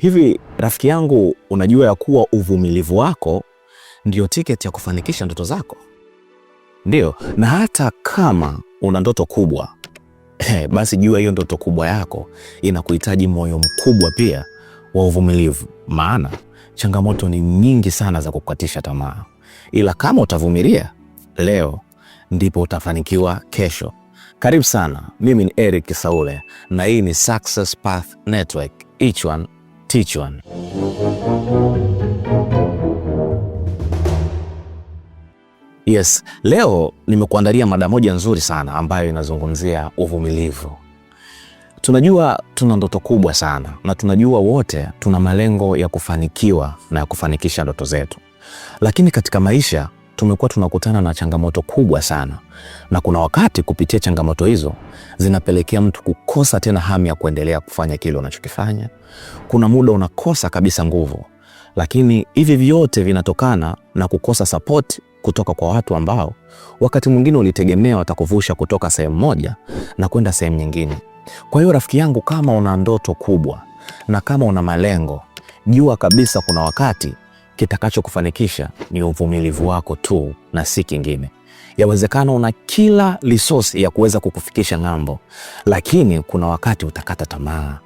Hivi rafiki yangu, unajua ya kuwa uvumilivu wako ndio tiketi ya kufanikisha ndoto zako? Ndiyo, na hata kama una ndoto kubwa basi jua hiyo ndoto kubwa yako inakuhitaji moyo mkubwa pia wa uvumilivu, maana changamoto ni nyingi sana za kukatisha tamaa, ila kama utavumilia leo, ndipo utafanikiwa kesho. Karibu sana, mimi ni Eric Saule na hii ni Success Path Network. Each one One. Yes, leo nimekuandalia mada moja nzuri sana ambayo inazungumzia uvumilivu. Tunajua tuna ndoto kubwa sana na tunajua wote tuna malengo ya kufanikiwa na ya kufanikisha ndoto zetu, lakini katika maisha tumekuwa tunakutana na changamoto kubwa sana, na kuna wakati kupitia changamoto hizo zinapelekea mtu kukosa tena hamu ya kuendelea kufanya kile unachokifanya. Kuna muda unakosa kabisa nguvu, lakini hivi vyote vinatokana na kukosa sapoti kutoka kwa watu ambao wakati mwingine ulitegemea watakuvusha kutoka sehemu moja na kwenda sehemu nyingine. Kwa hiyo rafiki yangu, kama una ndoto kubwa na kama una malengo, jua kabisa kuna wakati kitakachokufanikisha ni uvumilivu wako tu na si kingine. Yawezekana una kila resource ya kuweza kukufikisha ng'ambo, lakini kuna wakati utakata tamaa,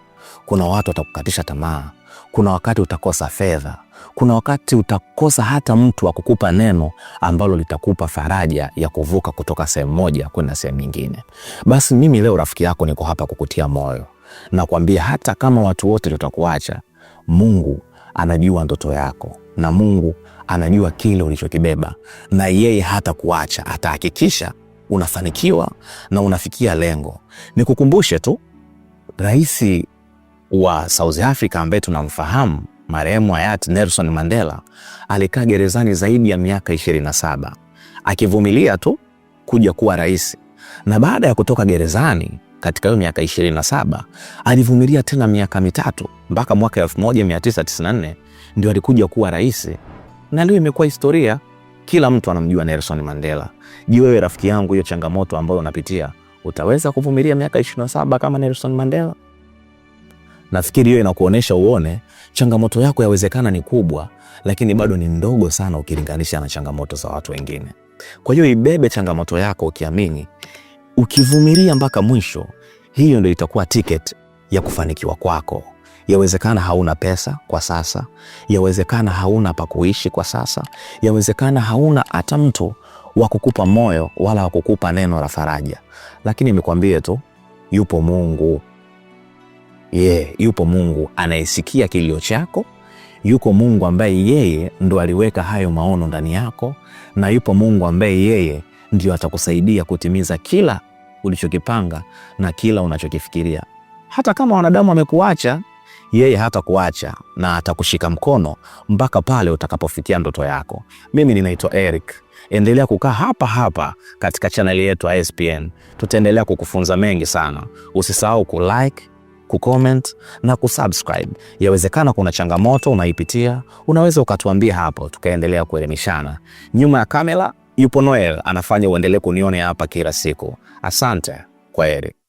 kuna watu watakukatisha tamaa, kuna wakati utakosa fedha, kuna wakati utakosa hata mtu wa kukupa neno ambalo litakupa faraja ya kuvuka kutoka sehemu moja kwenda sehemu nyingine. Basi mimi leo rafiki yako niko hapa kukutia moyo na kuambia, hata kama watu wote watakuacha, Mungu anajua ndoto yako na Mungu anajua kile ulichokibeba, na yeye hata kuacha atahakikisha unafanikiwa na unafikia lengo. Nikukumbushe tu rais wa South Africa ambaye tunamfahamu marehemu hayati Nelson Mandela alikaa gerezani zaidi ya miaka 27 akivumilia tu kuja kuwa rais, na baada ya kutoka gerezani katika hiyo miaka 27 alivumilia tena miaka mitatu mpaka mwaka 1994 ndio alikuja kuwa rais, na leo imekuwa historia, kila mtu anamjua Nelson Mandela. Je, wewe rafiki yangu, hiyo changamoto ambayo unapitia utaweza kuvumilia miaka 27 kama Nelson Mandela? Nafikiri hiyo inakuonyesha uone changamoto yako yawezekana ni kubwa, lakini bado ni ndogo sana ukilinganisha na changamoto za watu wengine. Kwa hiyo ibebe changamoto yako ukiamini, ukivumilia mpaka mwisho, hiyo ndio itakuwa tiketi ya kufanikiwa kwako. Yawezekana hauna pesa kwa sasa, yawezekana hauna pa kuishi kwa sasa, yawezekana hauna hata mtu wa kukupa moyo wala wa kukupa neno la faraja, lakini nikwambie tu, yupo Mungu. Yeah, yupo Mungu anayesikia kilio chako. Yuko Mungu ambaye yeye ndo aliweka hayo maono ndani yako, na yupo Mungu ambaye yeye ndio atakusaidia kutimiza kila ulichokipanga na kila unachokifikiria, hata kama wanadamu wamekuacha yeye hatakuacha na atakushika mkono mpaka pale utakapofikia ndoto yako. Mimi ninaitwa Eric. Endelea kukaa hapa hapa katika chaneli yetu ya SPN, tutaendelea kukufunza mengi sana. Usisahau kulike, kucomment na kusubscribe. Yawezekana kuna changamoto unaipitia, unaweza ukatuambia hapo, tukaendelea kuelimishana. Nyuma ya kamera yupo Noel, anafanya uendelee kunione hapa kila siku. Asante kwa heri.